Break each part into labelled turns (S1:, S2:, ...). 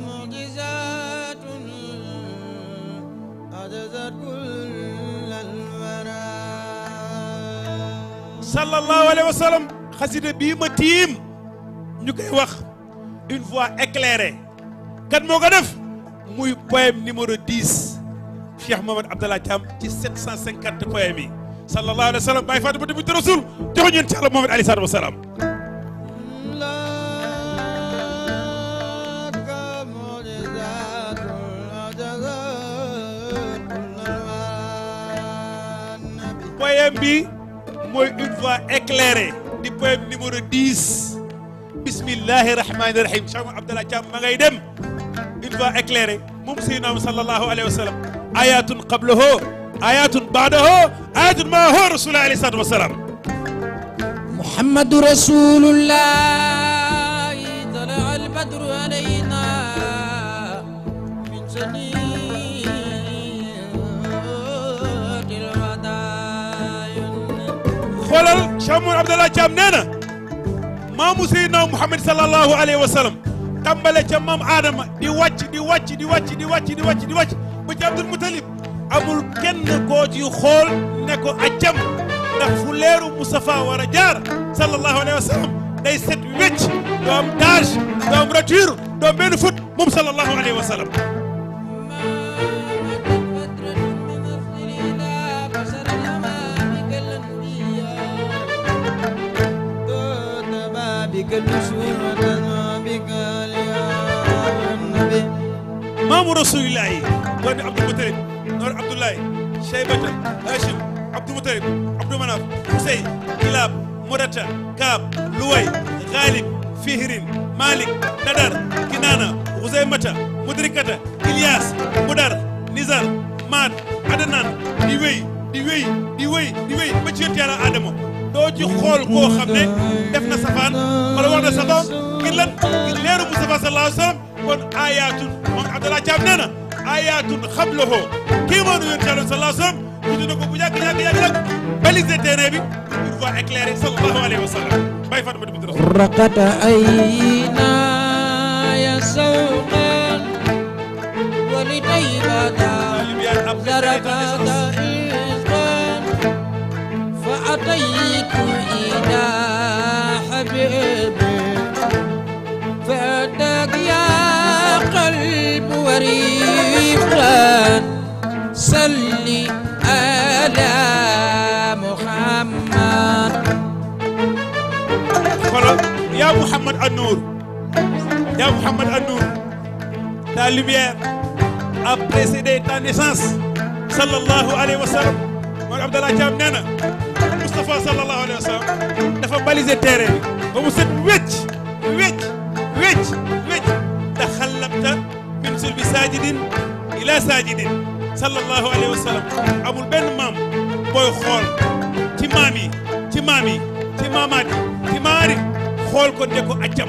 S1: معجزات عجزت كل
S2: الورى صلى الله عليه وسلم xasida koy wax une voix éclairée ko def muy poème numéro 10 Cheikh Mohamed Abdallah Thiam ci 750 poème yi sallallahu alayhi wa sallam bàyyi fàttali ba tamit rasul joxuñu leen ci Yàlla Mohamed alayhi salaatu wa salaam poème bi moy une voix éclairée di poème numéro 10 bismillahi rahmani rahim Cheikh Abdallah cham ma ngay dem une voix éclairée moom Seydina sallallahu alayhi wasallam ayatun qablahu ayatun ba'dahu ayatun ma ma'ahu rasulullah alayhi salatu wasalam محمد
S1: رسول الله طلع البدر علينا من سنين
S2: xoolal Cheikh Mouhamed Abdallah Thiam nee na maamu Seydina Mouhamed sallallahu alayhi wa sallam maam Adama di wàcc di wàcc di wàcc di wàcc di wàcc di wàcc ba ci Abdul Mutalib amul kenn koo ci xool ne ko accam ndax fu leeru Moustapha war a jaar sallallahu alayhi wa sallam day set wecc doo am tache doo am rature doo fut moom sallallahu alayhi wa sallam
S1: بك النشوة وتنوى بك
S2: النبي مام رسول الله وابن عبد المطلب نور عبد الله شيبة هاشم عبد المطلب عبد مناف حسين كلاب مدتا كاب لوي غالب فهر مالك ندر كنانة غزيمة مدركة إلياس مدر نزار مات عدنان ديوي ديوي ديوي ديوي ما جيت يا آدمو doo ci xool koo xam ne def na safaan wala wax na safaan ngir lan ngir leeru Mustafa sallallahu alayhi wa sallam kon ayaatun moom Abdallah Thiam nee na ayaatun xam loxo kii moo nu yonent Yàlla sallallahu alayhi wa sallam tudd na ko bu yàgg yàgg yàgg nag balisé terrain bi une voie éclairée sallallahu alayhi wa sallam bay
S1: Fatma bint Rasul raqata ayna ya sawqan wa li taybata daraka صل على محمد
S2: xoolal yaa Mouhamad Anour yaa Mouhamad Anour ta lumière a précédé ta naissance sallallahu alayhi wa sallam man Abdallah Thiam nee na Moustapha sallallahu alayhi wa sallam dafa balisé terrain bi ba mu set wecc wecc wecc wecc daxalabta min sulbi sajidin إلى ساجد صلى الله عليه وسلم أبو البن مام بوي خول تمامي تمامي تمامات تماري خول كون ديكو أجم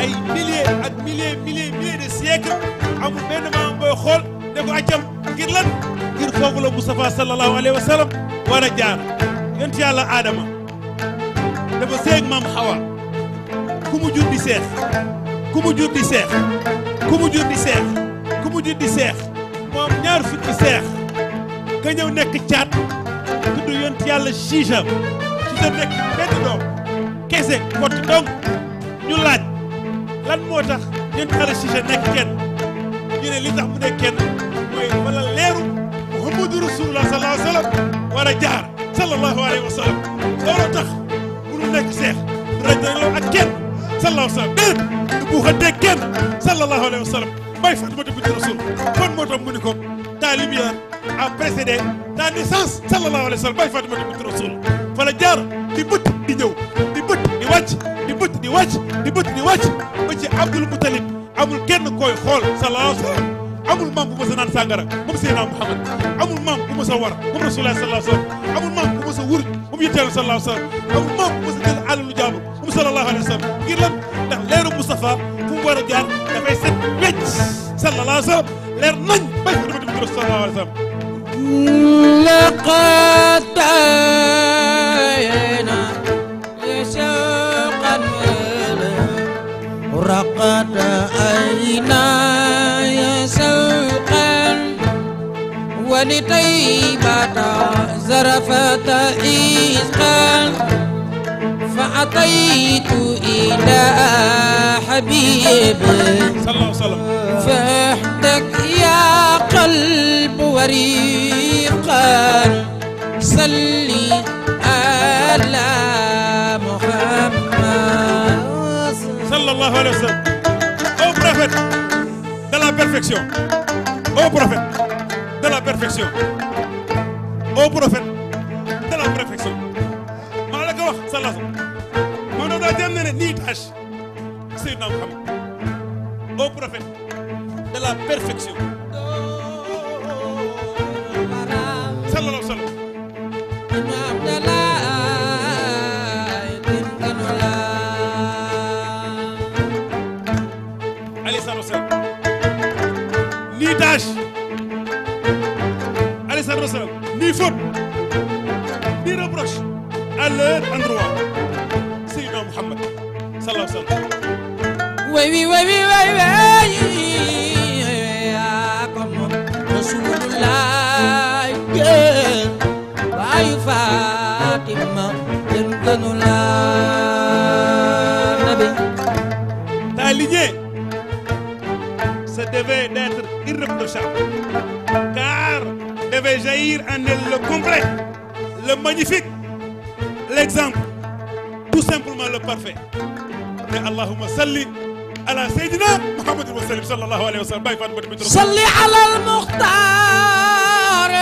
S2: أي ملي أد ملي ملي ملي دي سيكر أبو البن مام بوي خول ديكو أجم كير لن كير فوقل مصطفى صلى الله عليه وسلم وانا جار ينتي على آدم دابا سيك مام حوا كومو جودي سيخ كومو جودي سيخ كومو جودي سيخ كومو جودي سيخ moom ñaar fukki seex ka nekk caat tudd yont yàlla siisam ci sa nekk benn doom kese kott donc ñu laaj lan moo tax yont yàlla siisa nekk kenn li tax mu nekk mooy wala leeru muhammadu rasulullah sallallahu alayhi wa sallam war a jaar sallallahu wa sallam looloo tax munu nekk seex du ak kenn sallallahu wa sallam du buuxante kenn sallallahu alayhi wa sallam bay Fatimata bintu Rasul kon moo tax mu ni ko ta lumière a précédé ta naissance sallallahu alayhi wa bay Fatimata bintu Rasul fa jaar di bët di ñëw di bët di wàcc di bët di wàcc di ba ci Abdul Mutalib amul kenn koy xool sallallahu alayhi wa sallam amul maam bu mës a naan sàngara moom Seydina Muhammad amul maam bu mës a war moom Rasulullah sallallahu alayhi wa amul maam bu mës a wur moom yitteelu sallallahu alayhi amul maam bu mës a jël alalu jaamu moom sallallahu fu war a jaar dafay set wecc sallallahu alayhi wa sallam nañ bay fa dugg dugg sallallahu alayhi wa sallam
S1: لقد دعينا لشوقا أعطيت إلى حبيبك صلى الله عليه وسلم يا قلب وريقا صلي على محمد صلى الله عليه وسلم أو بروفيت
S2: de لا perfection أو بروفيت de لا perfection أو بروفيت سيدنا محمد او بروفيت de la perfection. Sallallahu alayhi wa sallam. ni tâche alayhi salatu ni reproche à leur endroit Sayyidina Muhammad
S1: sallallahu alayhi wa sallam oui, oui, oui, oui, oui, ah, bah, Ta lignée,
S2: ça devait d'être irréprochable, car devait jaillir en elle le complet, le magnifique, l'exemple, tout simplement le parfait. Mais Allahumma salli
S1: salli ala al muxtaar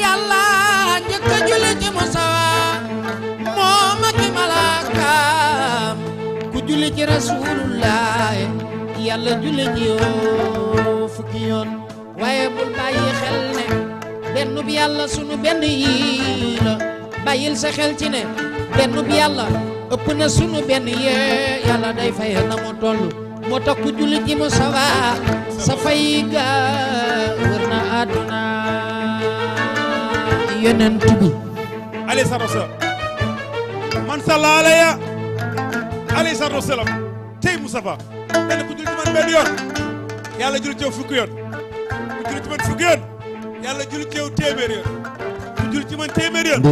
S1: yàlla njëkk a julli ci Musa moom ak malaakaam ku julli ci rasulullah yàlla julli ci yow fukki yoon waaye bul xel ne benn bi sunu benn yi la bàyyil xel ci ne benn bi ëpp na sunu benn yee yàlla day fay na mu toll moo tax ku jullit ji mu sawa sa fay ga wër na àdduna yonent bi alayhi salaatu wa salaam
S2: man salla alaya alayhi salaatu wa salaam tey Moustapha dana ku ci man benn yoon yàlla jullit ci yow man fukki yàlla jullit ci yow téeméer yoon ku jullit ci man téeméer yoon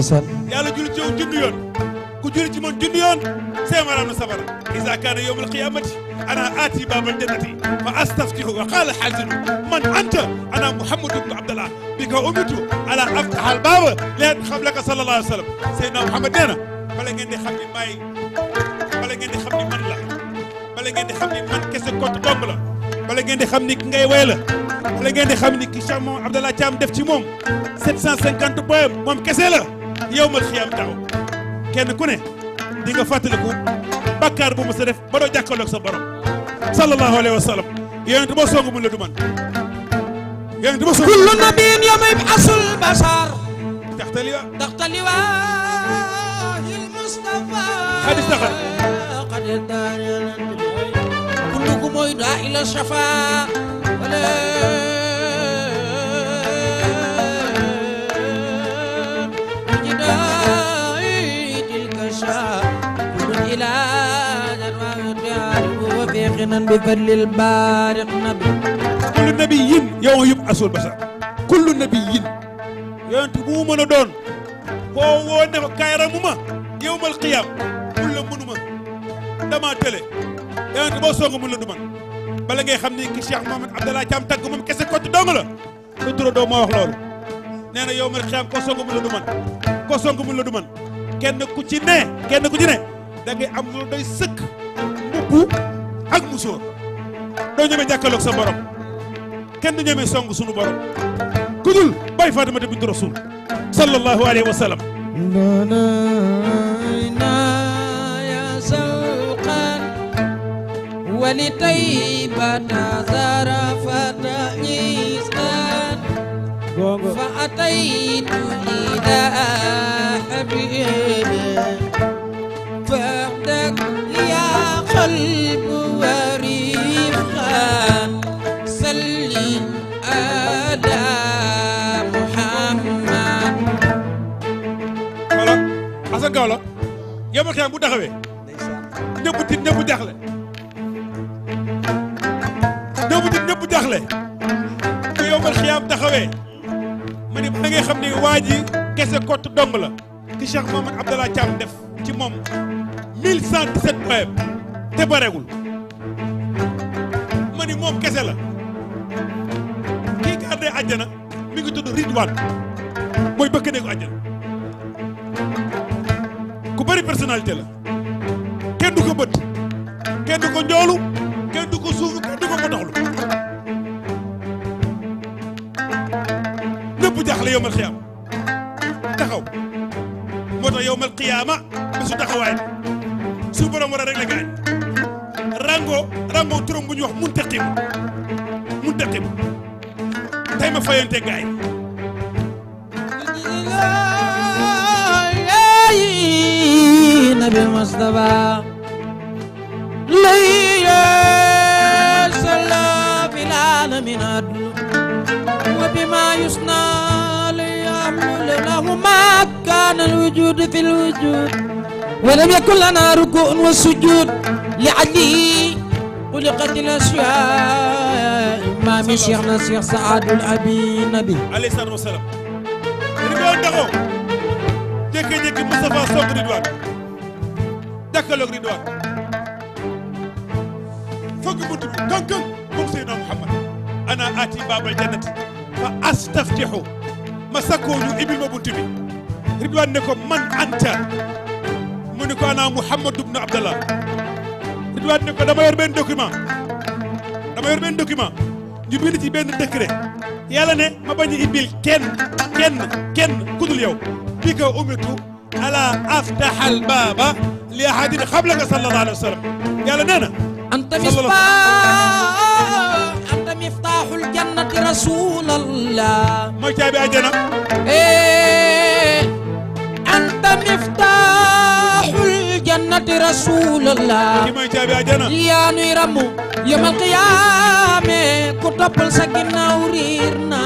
S2: yàlla jullit ci ku julli ci man junni yoon sai ma raam na safara isa kaana yowma alqiyamati ana aati baaba aljannati fa astaftihu wa qala xaazinu man anta ana muhammadu bnu abdallah bika umitu ala aftaha albaaba leen xablaka sallallahu alayhi wa sallam seydna muhammad nee na bala ngeen di xam ni maay bala ngeen di xam ni man la bala ngeen di xam ni man kese kott bomb la bala ngeen di xam ni ki ngay way la bala ngeen di xam ni ki Cheikh moom Abdallah Thiam def ci moom 750 poèmes moom kese la yowmal xiyaam taxaw كن كنه ديغا فاتلكو بكار بو مسا ديف بادو جاكالوك سا بروم صلى الله عليه وسلم يونت بو سوغو من لا دومان يونت بو سوغو كل نبي يوم يبعث
S1: البشر تختلي تختلي واه المصطفى خدي تخل قد مقترنا بفضل
S2: البارق نبي كل نبي يوم يبعث البشر كل نبي yonent bu mu mën a doon koo woo ne ko kaay ramu ma yowmal qiyaam mun la mënu ma dama tële yonent boo soog a mun la du man bala ngay xam ni ki Cheikh Mohamed Abdallah Thiam tagg moom kese kott dong la lu tura doo moo wax loolu nee na yowmal qiyaam koo soog a mun la du man koo soog a mun la du man kenn ku ci ne kenn ku ci ne da ngay am lu doy sëkk mbubbu ak musóor doo ñeme jàkkaloog sa borom kenn du ñeme song sunu borom ku dul bàyyi Fatimata bintu rasul sallallahu alayhi wa sallam
S1: ولطيبة زرفت إسكان فأتيت إلى حبيبي وحدك يا قلب وريقا سلي على محمد xoolal Assane Gawla
S2: yomal xeem bu taxawee ñëpp tiit ñëpp jaaxle ñëpp tiit ñëpp jaaxle ku yomal xeem taxawee ma ne ba nga xam ne waa ji kese kott dong la ci Cheikh Mamadou Abdallah Thiam def ci moom 1117 poèmes te baregul ma ni moom kese la kii gardé àjjana mi ngi tudd Ridwan mooy bëkk néegu àjjana ku bëri personnalité la kenn du ko bët kenn du ko njoolu kenn du ko suufu kenn du ko ko doxlu ñëpp jaaxle yowmal xiyaama taxaw moo tax yowmal xiyaama su taxawaay su borom war a rango rango turam bu ñuy wax muntaqim muntaqim tey gaay
S1: yi nabi mustafa lay salla fil alamin adlu wa bima yusna li amul lahu ma kana al wujud fil ولم يكن لنا ركوع وسجود لعلي خلقت الاشياء امام شيخنا شيخ سعد الابي نبي عليه الصلاه والسلام
S2: ريبون دخو جيكي جيكي مصطفى صوت رضوان دخلوك رضوان فوق بنت دونك بوم سيدنا محمد انا اتي باب الجنه فاستفتح مسكوني ابن بنت رضوان نكو من انت منك انا محمد بن عبد الله رضوان نكو دا ماير بن دوكيمان دا ماير بن دوكيمان جبيل تي بن دكري يالا ني ما باني ابيل كين كين كين كودول يو بيكا اوميتو الا افتح الباب لاحد قبلك صلى الله عليه وسلم يالا نانا انت مصطفى
S1: انت مفتاح الجنه رسول الله ما تابع جنا ايه انت مفتاح جنة رسول الله يا نيرم يوم القيامة كتبل سكنا وريرنا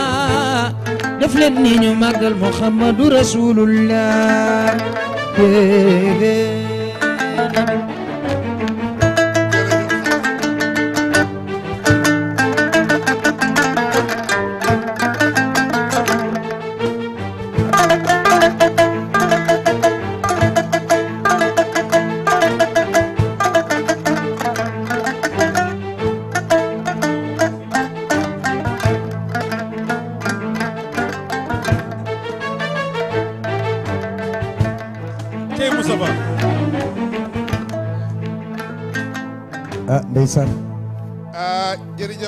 S1: دفلن نيو مقل محمد رسول الله Thank you.